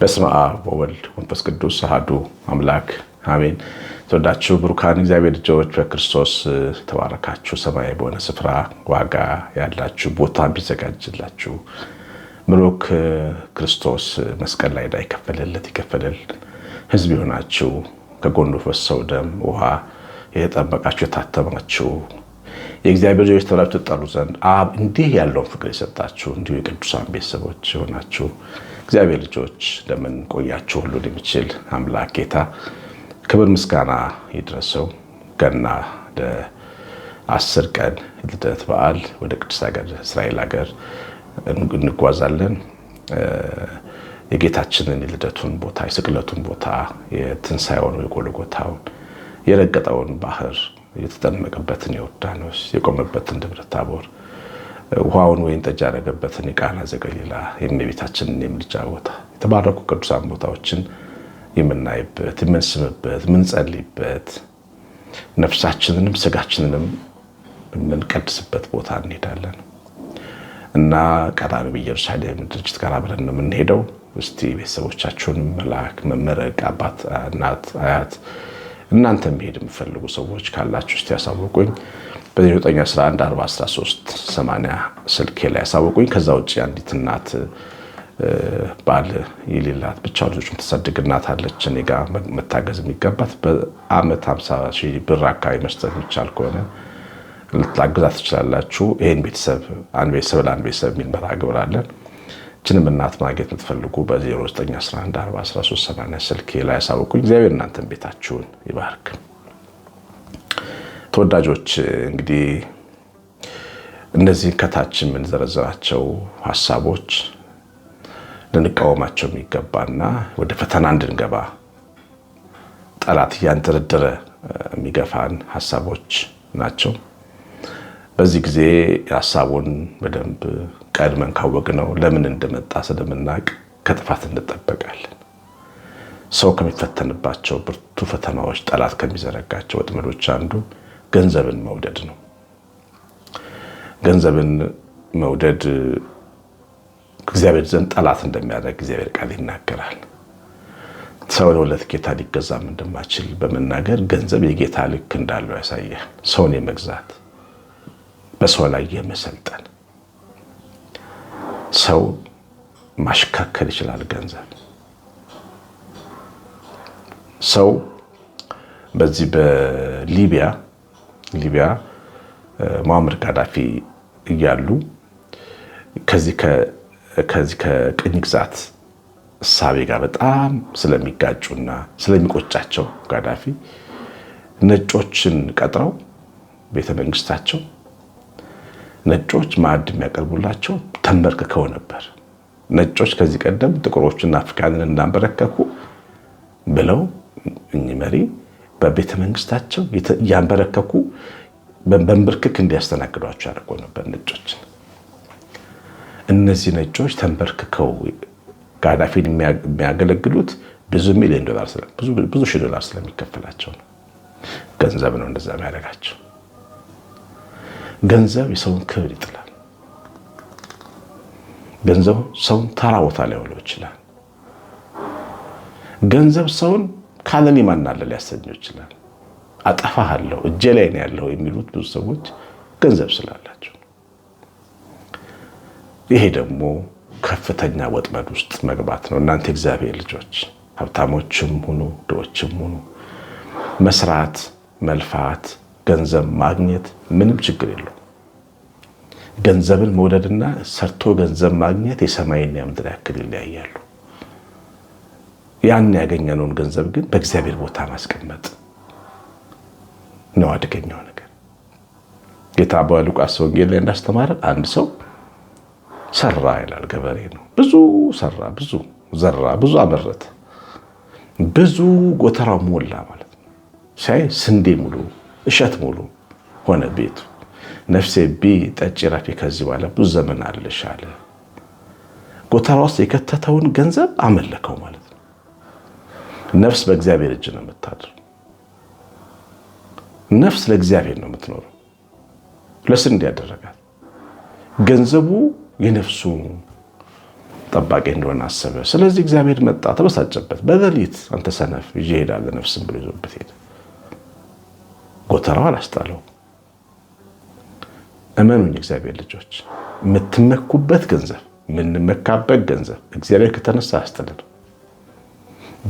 በስመ አብ ወወልድ መንፈስ ቅዱስ አሐዱ አምላክ አሜን። ተወዳችሁ ብሩካን እግዚአብሔር ልጆች በክርስቶስ ተባረካችሁ። ሰማያዊ በሆነ ስፍራ ዋጋ ያላችሁ ቦታ ቢዘጋጅላችሁ ምሉክ ክርስቶስ መስቀል ላይ ዳ ይከፈልለት ይከፈልል ህዝብ የሆናችሁ ከጎኑ ፈሰው ደም ውሃ የተጠበቃችሁ የታተማችሁ የእግዚአብሔር ልጆች ተብላችሁ ትጠሩ ዘንድ አብ እንዲህ ያለውን ፍቅር የሰጣችሁ እንዲሁ የቅዱሳን ቤተሰቦች የሆናችሁ እግዚአብሔር ልጆች እንደምን ቆያችሁ? ሁሉን የሚችል አምላክ ጌታ ክብር ምስጋና ይድረሰው። ገና ለአስር ቀን ልደት በዓል ወደ ቅዱስ ሀገር እስራኤል ሀገር እንጓዛለን። የጌታችንን የልደቱን ቦታ የስቅለቱን ቦታ የትንሣኤውን የጎልጎታውን የረገጠውን ባህር የተጠመቀበትን ዮርዳኖስ የቆመበትን ደብረ ታቦር ውሃውን ወይን ጠጅ ያደረገበትን የቃና ዘገሊላ የእመቤታችንን የምልጃ ቦታ የተባረኩ ቅዱሳን ቦታዎችን የምናይበት የምንስምበት የምንጸልይበት ነፍሳችንንም ስጋችንንም የምንቀድስበት ቦታ እንሄዳለን እና ቀዳሚ በኢየሩሳሌም ድርጅት ጋር አብረን የምንሄደው እስቲ ቤተሰቦቻችሁን መላክ መመረቅ አባት፣ እናት፣ አያት እናንተ መሄድ የምፈልጉ ሰዎች ካላችሁ እስቲ ያሳውቁኝ በ911 80 ስልኬ ላይ ያሳውቁኝ። ከዛ ውጭ አንዲት እናት ባል የሌላት ብቻ ልጆች የምትሰድግ እናት አለች እኔ ጋ መታገዝ የሚገባት በአመት 50 ሺህ ብር አካባቢ መስጠት የሚቻል ከሆነ ልታግዛት ትችላላችሁ። ይህን ቤተሰብ አንድ ቤተሰብ ለአንድ ቤተሰብ የሚል መርሃ ግብር አለን። ችንም እናት ማግኘት የምትፈልጉ በ09114138 ስልክ ላይ ያሳውቁኝ። እግዚአብሔር እናንተን ቤታችሁን ይባርክ። ተወዳጆች እንግዲህ እነዚህ ከታች የምንዘረዝራቸው ሀሳቦች ልንቃወማቸው የሚገባና ወደ ፈተና እንድንገባ ጠላት እያንደረደረ የሚገፋን ሀሳቦች ናቸው። በዚህ ጊዜ ሀሳቡን በደንብ ቀድመን ካወቅነው ለምን እንደመጣ ስለምናቅ ከጥፋት እንጠበቃለን። ሰው ከሚፈተንባቸው ብርቱ ፈተናዎች፣ ጠላት ከሚዘረጋቸው ወጥመዶች አንዱ ገንዘብን መውደድ ነው። ገንዘብን መውደድ እግዚአብሔር ዘንድ ጠላት እንደሚያደርግ እግዚአብሔር ቃል ይናገራል። ሰው ለሁለት ጌታ ሊገዛም እንደማችል በመናገር ገንዘብ የጌታ ልክ እንዳለው ያሳያል። ሰውን የመግዛት በሰው ላይ የመሰልጠን ሰው ማሽካከል ይችላል። ገንዘብ ሰው በዚህ በሊቢያ ሊቢያ ሙአመር ጋዳፊ እያሉ ከዚህ ከቅኝ ግዛት እሳቤ ጋር በጣም ስለሚጋጩና ስለሚቆጫቸው ጋዳፊ ነጮችን ቀጥረው ቤተ መንግስታቸው ነጮች ማዕድ የሚያቀርቡላቸው ተንበርክከው ነበር። ነጮች ከዚህ ቀደም ጥቁሮቹን አፍሪካንን እንዳንበረከኩ ብለው እኚህ መሪ በቤተ መንግስታቸው እያንበረከኩ በንብርክክ እንዲያስተናግዷቸው ያደርገው ነበር ነጮችን። እነዚህ ነጮች ተንበርክከው ጋዳፊን የሚያገለግሉት ብዙ ሚሊዮን ዶላር ብዙ ሺህ ዶላር ስለሚከፈላቸው ነው። ገንዘብ ነው እንደዛ የሚያደርጋቸው። ገንዘብ የሰውን ክብር ይጥላል። ገንዘብ ሰውን ተራ ቦታ ላይ ይችላል። ገንዘብ ሰውን ካለኔ ማናለ ሊያሰኘው ይችላል። አጠፋሃለሁ፣ እጄ ላይ ነው ያለው የሚሉት ብዙ ሰዎች ገንዘብ ስላላቸው። ይሄ ደግሞ ከፍተኛ ወጥመድ ውስጥ መግባት ነው። እናንተ እግዚአብሔር ልጆች ሀብታሞችም ሁኑ ድሆችም ሁኑ መስራት፣ መልፋት፣ ገንዘብ ማግኘት ምንም ችግር የለውም። ገንዘብን መውደድና ሰርቶ ገንዘብ ማግኘት የሰማይና የምድር ያክል ይለያያሉ። ያን ያገኘነውን ገንዘብ ግን በእግዚአብሔር ቦታ ማስቀመጥ ነው አደገኛው ነገር። ጌታ በሉቃስ ወንጌል ላይ እንዳስተማረን አንድ ሰው ሰራ ይላል። ገበሬ ነው። ብዙ ሰራ፣ ብዙ ዘራ፣ ብዙ አመረተ፣ ብዙ ጎተራው ሞላ ማለት ነው። ሲያይ ስንዴ ሙሉ፣ እሸት ሙሉ ሆነ ቤቱ ነፍሴ ቢ ጠጪ ረፊ፣ ከዚህ በኋላ ብዙ ዘመን አለሽ አለ። ጎተራ ውስጥ የከተተውን ገንዘብ አመለከው ማለት ነው። ነፍስ በእግዚአብሔር እጅ ነው የምታድር። ነፍስ ለእግዚአብሔር ነው የምትኖረው። ለስንዴ ያደረጋት ገንዘቡ የነፍሱ ጠባቂ እንደሆነ አሰበ። ስለዚህ እግዚአብሔር መጣ፣ ተበሳጨበት። በሌሊት አንተ ሰነፍ ይዤ እሄዳለሁ ነፍስን ብሎ ይዞበት ሄደ። ጎተራው አላስጣለው። እመኑኝ እግዚአብሔር ልጆች የምትመኩበት ገንዘብ የምንመካበት ገንዘብ እግዚአብሔር ከተነሳ አያስጥልን፣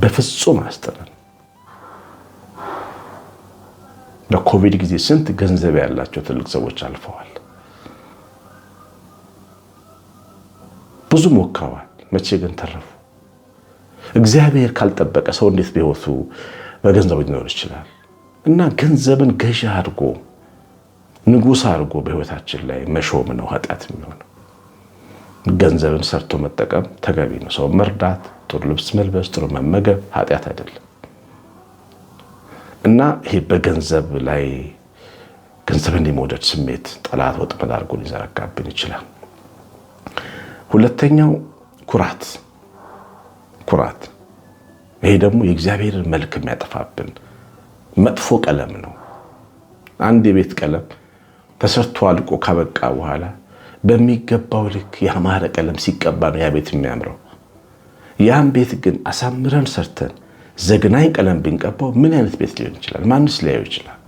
በፍጹም አያስጥልን። በኮቪድ ጊዜ ስንት ገንዘብ ያላቸው ትልቅ ሰዎች አልፈዋል፣ ብዙ ሞክረዋል። መቼ ግን ተረፉ? እግዚአብሔር ካልጠበቀ ሰው እንዴት በህይወቱ በገንዘቡ ሊኖር ይችላል? እና ገንዘብን ገዢ አድርጎ ንጉሥ አድርጎ በህይወታችን ላይ መሾም ነው ኃጢአት የሚሆነው። ገንዘብን ሰርቶ መጠቀም ተገቢ ነው። ሰው መርዳት፣ ጥሩ ልብስ መልበስ፣ ጥሩ መመገብ ኃጢአት አይደለም እና ይሄ በገንዘብ ላይ ገንዘብን የመውደድ ስሜት ጠላት ወጥመድ አድርጎ ሊዘረጋብን ይችላል። ሁለተኛው ኩራት ኩራት። ይሄ ደግሞ የእግዚአብሔርን መልክ የሚያጠፋብን መጥፎ ቀለም ነው። አንድ የቤት ቀለም ተሰርቶ አልቆ ካበቃ በኋላ በሚገባው ልክ ያማረ ቀለም ሲቀባ ነው ያ ቤት የሚያምረው። ያም ቤት ግን አሳምረን ሰርተን ዘግናኝ ቀለም ብንቀባው ምን አይነት ቤት ሊሆን ይችላል? ማንስ ሊያየው ይችላል?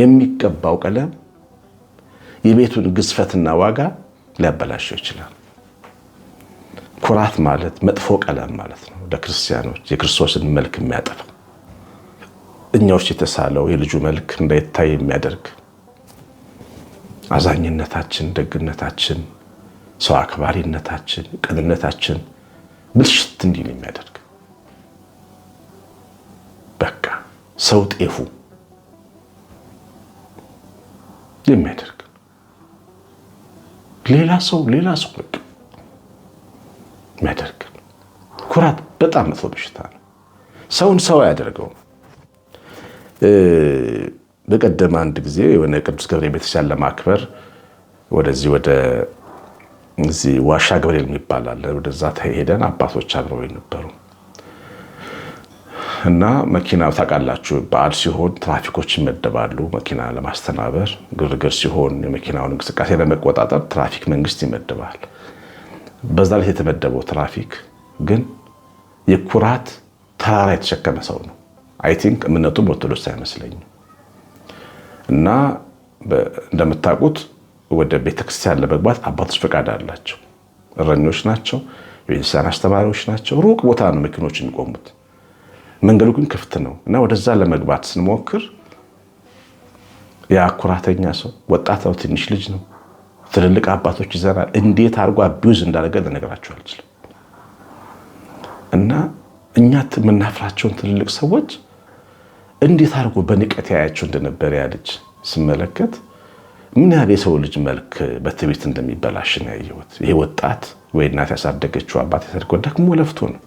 የሚቀባው ቀለም የቤቱን ግዝፈትና ዋጋ ሊያበላሸው ይችላል። ኩራት ማለት መጥፎ ቀለም ማለት ነው። ለክርስቲያኖች የክርስቶስን መልክ የሚያጠፋ እኛዎች የተሳለው የልጁ መልክ እንዳይታይ የሚያደርግ አዛኝነታችን፣ ደግነታችን፣ ሰው አክባሪነታችን፣ ቅንነታችን ብልሽት እንዲል የሚያደርግ በቃ ሰው ጤፉ የሚያደርግ ሌላ ሰው ሌላ ሰው በቃ የሚያደርግ ኩራት በጣም መጥፎ በሽታ ነው። ሰውን ሰው አያደርገውም። በቀደም አንድ ጊዜ የሆነ ቅዱስ ገብርኤል ቤተሻን ለማክበር ወደዚህ ወደ ዋሻ ገብርኤል የሚባል አለ። ወደዛ ሄደን አባቶች አብረው የነበሩ እና መኪና ታውቃላችሁ፣ በዓል ሲሆን ትራፊኮች ይመደባሉ። መኪና ለማስተናበር ግርግር ሲሆን የመኪናውን እንቅስቃሴ ለመቆጣጠር ትራፊክ መንግስት ይመደባል። በዛ ላይ የተመደበው ትራፊክ ግን የኩራት ተራራ የተሸከመ ሰው ነው። አይ ቲንክ እምነቱም ኦርቶዶክስ አይመስለኝም። እና እንደምታውቁት ወደ ቤተክርስቲያን ለመግባት አባቶች ፈቃድ አላቸው። እረኞች ናቸው፣ የቤተክርስቲያን አስተማሪዎች ናቸው። ሩቅ ቦታ ነው መኪኖች የሚቆሙት፣ መንገዱ ግን ክፍት ነው እና ወደዛ ለመግባት ስንሞክር የአኩራተኛ ሰው ወጣት ነው፣ ትንሽ ልጅ ነው፣ ትልልቅ አባቶች ይዘናል። እንዴት አድርጎ አቢውዝ እንዳደረገ ልነግራችሁ አልችልም። እና እኛ የምናፍራቸውን ትልልቅ ሰዎች እንዴት አድርጎ በንቀት ያያቸው እንደነበረ ያለች ስመለከት ምን ያህል የሰው ልጅ መልክ በትዕቢት እንደሚበላሽ ነው ያየሁት። ይሄ ወጣት ወይ እናት ያሳደገችው አባት ያሳደገው ደግሞ ለፍቶ ነው።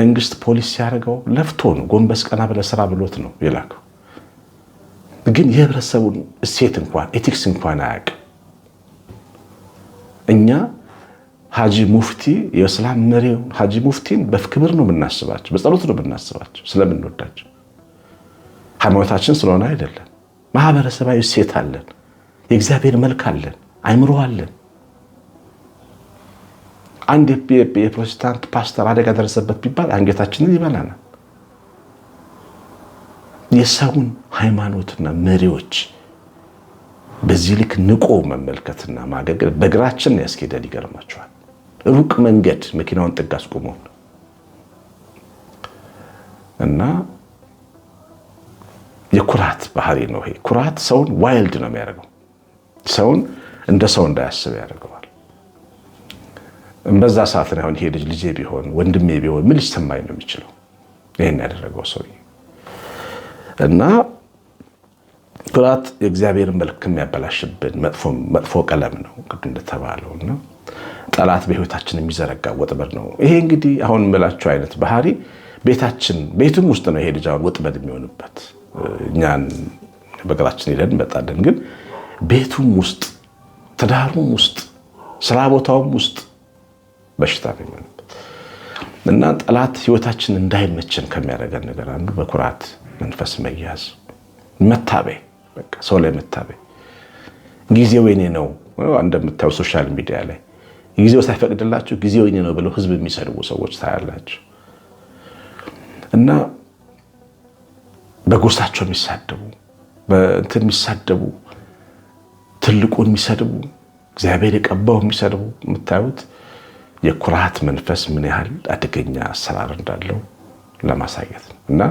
መንግስት ፖሊስ ሲያደርገው ለፍቶ ነው። ጎንበስ ቀና ብለ ስራ ብሎት ነው የላከው። ግን የህብረተሰቡን እሴት እንኳን ኤቲክስ እንኳን አያውቅም። እኛ ሀጂ ሙፍቲ የእስላም መሪውን ሀጂ ሙፍቲን በክብር ነው የምናስባቸው፣ በጸሎት ነው የምናስባቸው ስለምንወዳቸው ሃይማኖታችን ስለሆነ አይደለም። ማህበረሰባዊ እሴት አለን። የእግዚአብሔር መልክ አለን። አይምሮ አለን። አንድ የፕሮቴስታንት ፓስተር አደጋ ደረሰበት ቢባል አንገታችንን ይበላናል። የሰውን ሃይማኖትና መሪዎች በዚህ ልክ ንቆ መመልከትና ማገልገል በእግራችን ያስኬዳል። ይገርማቸዋል። ሩቅ መንገድ መኪናውን ጥግ አስቆመውን እና የኩራት ባህሪ ነው። ይሄ ኩራት ሰውን ዋይልድ ነው የሚያደርገው። ሰውን እንደ ሰው እንዳያስብ ያደርገዋል። በዛ ሰዓት ላይ ይሄ ልጅ ልጄ ቢሆን ወንድሜ ቢሆን ምን ሊሰማኝ ነው የሚችለው? ይህን ያደረገው ሰው እና ኩራት የእግዚአብሔር መልክ የሚያበላሽብን መጥፎ ቀለም ነው ቅድም እንደተባለው እና ጠላት በህይወታችን የሚዘረጋ ወጥመድ ነው። ይሄ እንግዲህ አሁን የምላቸው አይነት ባህሪ ቤታችን ቤትም ውስጥ ነው ይሄ ልጅ አሁን ወጥመድ የሚሆንበት። እኛን በእግራችን ሄደን እንመጣለን። ግን ቤቱም ውስጥ ትዳሩም ውስጥ ስራ ቦታውም ውስጥ በሽታ ነው የሚሆንበት እና ጠላት ህይወታችን እንዳይመችን ከሚያደርገን ነገር አንዱ በኩራት መንፈስ መያዝ፣ መታበይ፣ በቃ ሰው ላይ መታበይ። ጊዜው የኔ ነው እንደምታዩ ሶሻል ሚዲያ ላይ ጊዜው ሳይፈቅድላችሁ ጊዜው የኔ ነው ብለው ህዝብ የሚሰድቡ ሰዎች ታያላችሁ። እና በጎሳቸው የሚሳደቡ በእንትን የሚሳደቡ ትልቁን የሚሰድቡ እግዚአብሔር የቀባው የሚሰድቡ የምታዩት የኩራት መንፈስ ምን ያህል አደገኛ አሰራር እንዳለው ለማሳየት ነው እና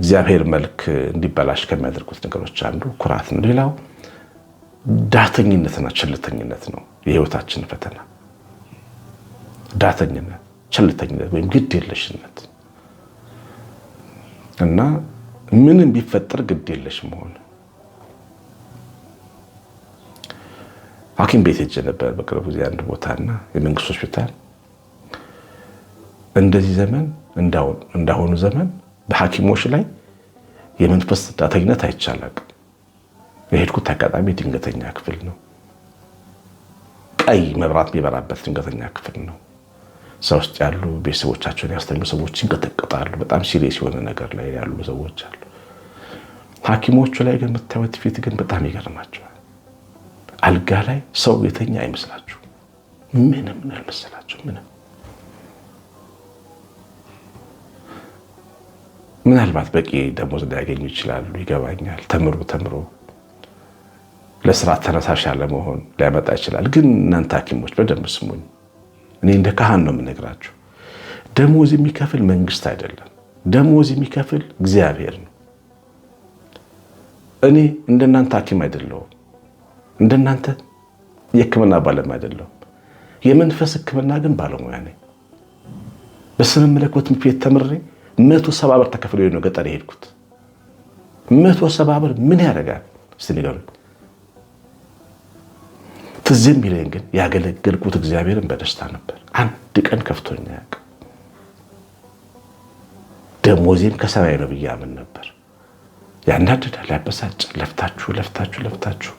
እግዚአብሔር መልክ እንዲበላሽ ከሚያደርጉት ነገሮች አንዱ ኩራት ነው። ሌላው ዳተኝነትና ችልተኝነት ነው። የህይወታችን ፈተና ዳተኝነት፣ ችልተኝነት ወይም ግድ የለሽነት እና ምንም ቢፈጠር ግድ የለሽ መሆን ሐኪም ቤት ሄጄ ነበር በቅርቡ ጊዜ አንድ ቦታና የመንግስት ሆስፒታል እንደዚህ ዘመን እንዳሁኑ ዘመን በሐኪሞች ላይ የመንፈስ ዳተኝነት አይቻላል። የሄድኩት አጋጣሚ ድንገተኛ ክፍል ነው። ቀይ መብራት የሚበራበት ድንገተኛ ክፍል ነው። እዛ ውስጥ ያሉ ቤተሰቦቻቸውን ያስተኙ ሰዎች ይንቀጠቀጣሉ። በጣም ሲሪየስ የሆነ ነገር ላይ ያሉ ሰዎች አሉ። ሐኪሞቹ ላይ ግን የምታዩት ፊት ግን በጣም ይገርማቸዋል። አልጋ ላይ ሰው የተኛ አይመስላችሁ፣ ምንም አልመሰላችሁ። ምንም ምናልባት በቂ ደሞዝ ሊያገኙ ይችላሉ። ይገባኛል። ተምሮ ተምሮ ለስራ ተነሳሽ ያለመሆን ሊያመጣ ይችላል። ግን እናንተ ሐኪሞች በደንብ ስሙኝ። እኔ እንደ ካህን ነው የምነግራቸው። ደሞዝ የሚከፍል መንግስት አይደለም። ደሞዝ የሚከፍል እግዚአብሔር ነው። እኔ እንደናንተ ሐኪም አይደለሁም። እንደናንተ የህክምና ባለም አይደለሁም። የመንፈስ ህክምና ግን ባለሙያ ነኝ። በስነ መለኮት ትምህርት ተምሬ መቶ ሰባ ብር ተከፍሎ ነው ገጠር የሄድኩት። መቶ ሰባ ብር ምን ያደርጋል? እስኪ ንገሩኝ። ትዝ የሚለኝ ግን ያገለገልኩት እግዚአብሔርን በደስታ ነበር። አንድ ቀን ከፍቶኛ ያቅ ደሞዜም ከሰማይ ነው ብዬ አምን ነበር። ያናድዳል፣ ያበሳጫል። ለፍታችሁ ለፍታችሁ ለፍታችሁ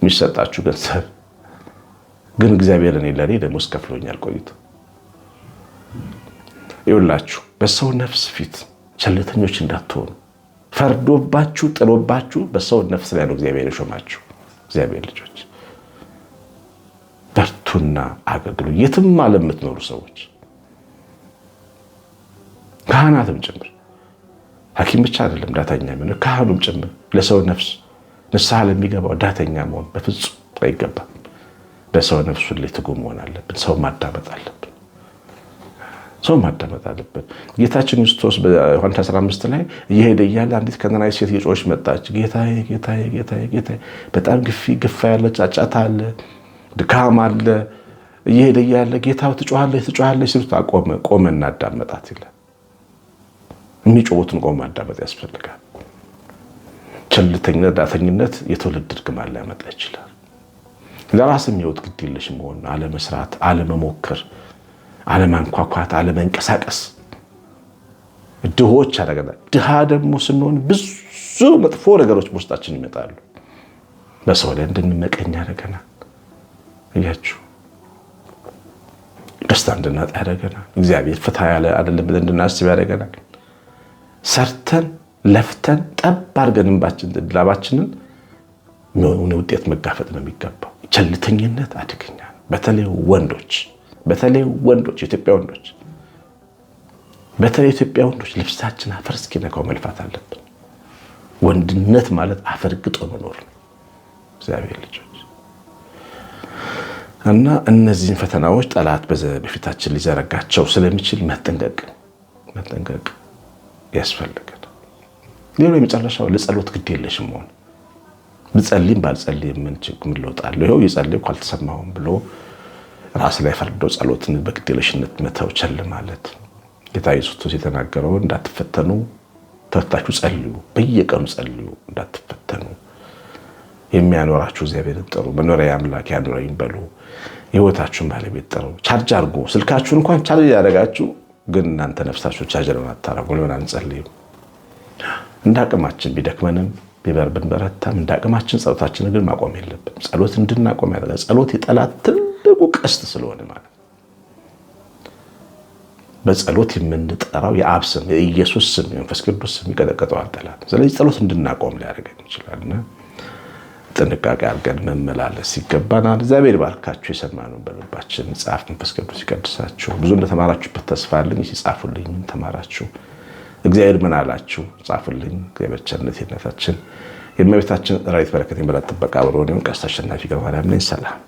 የሚሰጣችሁ ገንዘብ ግን እግዚአብሔር እኔ ለእኔ ደሞዝ ከፍሎኛል ቆይቶ። ይውላችሁ በሰው ነፍስ ፊት ቸልተኞች እንዳትሆኑ ፈርዶባችሁ ጥሎባችሁ በሰው ነፍስ ላይ ነው እግዚአብሔር የሾማችሁ እግዚአብሔር ልጆች በርቱና አገልግሉ። የትም ዓለም የምትኖሩ ሰዎች ካህናትም ጭምር ሐኪም ብቻ አይደለም ዳተኛ የሚሆነው ካህኑም ጭምር ለሰው ነፍስ ንስሐ ለሚገባው ዳተኛ መሆን በፍጹም አይገባም። በሰው ነፍሱ ላይ ትጉ መሆን አለብን። ሰው ማዳመጥ አለብን። ሰው ማዳመጥ አለብን። ጌታችን ክርስቶስ በዮሐንስ 15 ላይ እየሄደ እያለ አንዲት ከነናዊት ሴት እየጮኸች መጣች። ጌታ ጌታ ጌታ ጌታ በጣም ግፊ ግፋ ያለ ጫጫታ አለ ድካም አለ። እየሄደ እያለ ጌታ ትጮሃለች ትጮሃለች ሲሉት ቆመ እናዳመጣት ይለ የሚጮሁትን ቆመ አዳመጥ ያስፈልጋል። ቸልተኝነት፣ ዳተኝነት የትውልድ እርግማን ሊያመጣ ይችላል። ለራስም የውት ግድ የለሽ መሆን፣ አለመስራት፣ አለመሞከር፣ አለማንኳኳት፣ አለመንቀሳቀስ ድሆች አደገና ድሃ ደግሞ ስንሆን ብዙ መጥፎ ነገሮች በውስጣችን ይመጣሉ። በሰው ላይ እንድንመቀኝ አደገና እያችሁ ደስታ እንድናጣ ያደርገናል። እግዚአብሔር ፍትሃ ያለ አይደለም ብለን እንድናስብ ያደርገናል። ሰርተን ለፍተን ጠብ አድርገን ላባችንን የሆነ ውጤት መጋፈጥ ነው የሚገባው። ቸልተኝነት አደገኛ ነው። በተለይ ወንዶች በተለይ ወንዶች የኢትዮጵያ ወንዶች በተለይ ኢትዮጵያ ወንዶች ልብሳችን አፈር እስኪነካው መልፋት አለብን። ወንድነት ማለት አፈርግጦ መኖር ነው። እግዚአብሔር ልጆች እና እነዚህን ፈተናዎች ጠላት በፊታችን ሊዘረጋቸው ስለሚችል መጠንቀቅ መጠንቀቅ ያስፈልጋል። ሌሎ የመጨረሻው ለጸሎት ግድ የለሽ መሆን ብጸልይም ባልጸልይም ምን ለውጥ አለው? ይኸው የጸለይኩ አልተሰማሁም ብሎ ራስ ላይ ፈርዶ ጸሎትን በግዴለሽነት መተው ቸል ማለት ጌታ ኢየሱስ ክርስቶስ የተናገረውን እንዳትፈተኑ ተፍታችሁ ጸልዩ፣ በየቀኑ ጸልዩ እንዳትፈተኑ የሚያኖራችሁ እግዚአብሔርን ጥሩ መኖሪያ አምላክ ያኖረኝ በሉ የህይወታችሁን ባለቤት ጥሩ። ቻርጅ አድርጎ ስልካችሁን እንኳን ቻርጅ ያደረጋችሁ ግን እናንተ ነፍሳችሁ ቻርጀር አታረጉ። ለምን አንጸልይም? እንደ አቅማችን ቢደክመንም ቢበርብን በረታም እንደ አቅማችን ጸሎታችን ግን ማቆም የለብን። ጸሎት እንድናቆም ያደረገ ጸሎት የጠላት ትልቁ ቀስት ስለሆነ ማለት በጸሎት የምንጠራው የአብ ስም የኢየሱስ ስም የመንፈስ ቅዱስ ስም ይቀጠቀጠዋል ጠላት። ስለዚህ ጸሎት እንድናቆም ሊያደርገን ይችላልና ጥንቃቄ አድርገን መመላለስ ይገባናል። እግዚአብሔር ባርካችሁ የሰማነውን በልባችን መጽሐፍ መንፈስ ቅዱስ ይቀድሳችሁ። ብዙ እንደተማራችሁበት ተስፋ አለኝ። ሲጻፉልኝ ተማራችሁ? እግዚአብሔር ምን አላችሁ? ጻፉልኝ። እግዚአብሔር ቸርነት የእናታችን የእመቤታችን ራዊት በረከት የመላት ጥበቃ አብሮን ይሁን። ቀሲስ አሸናፊ ገብረማርያም ነኝ። ሰላም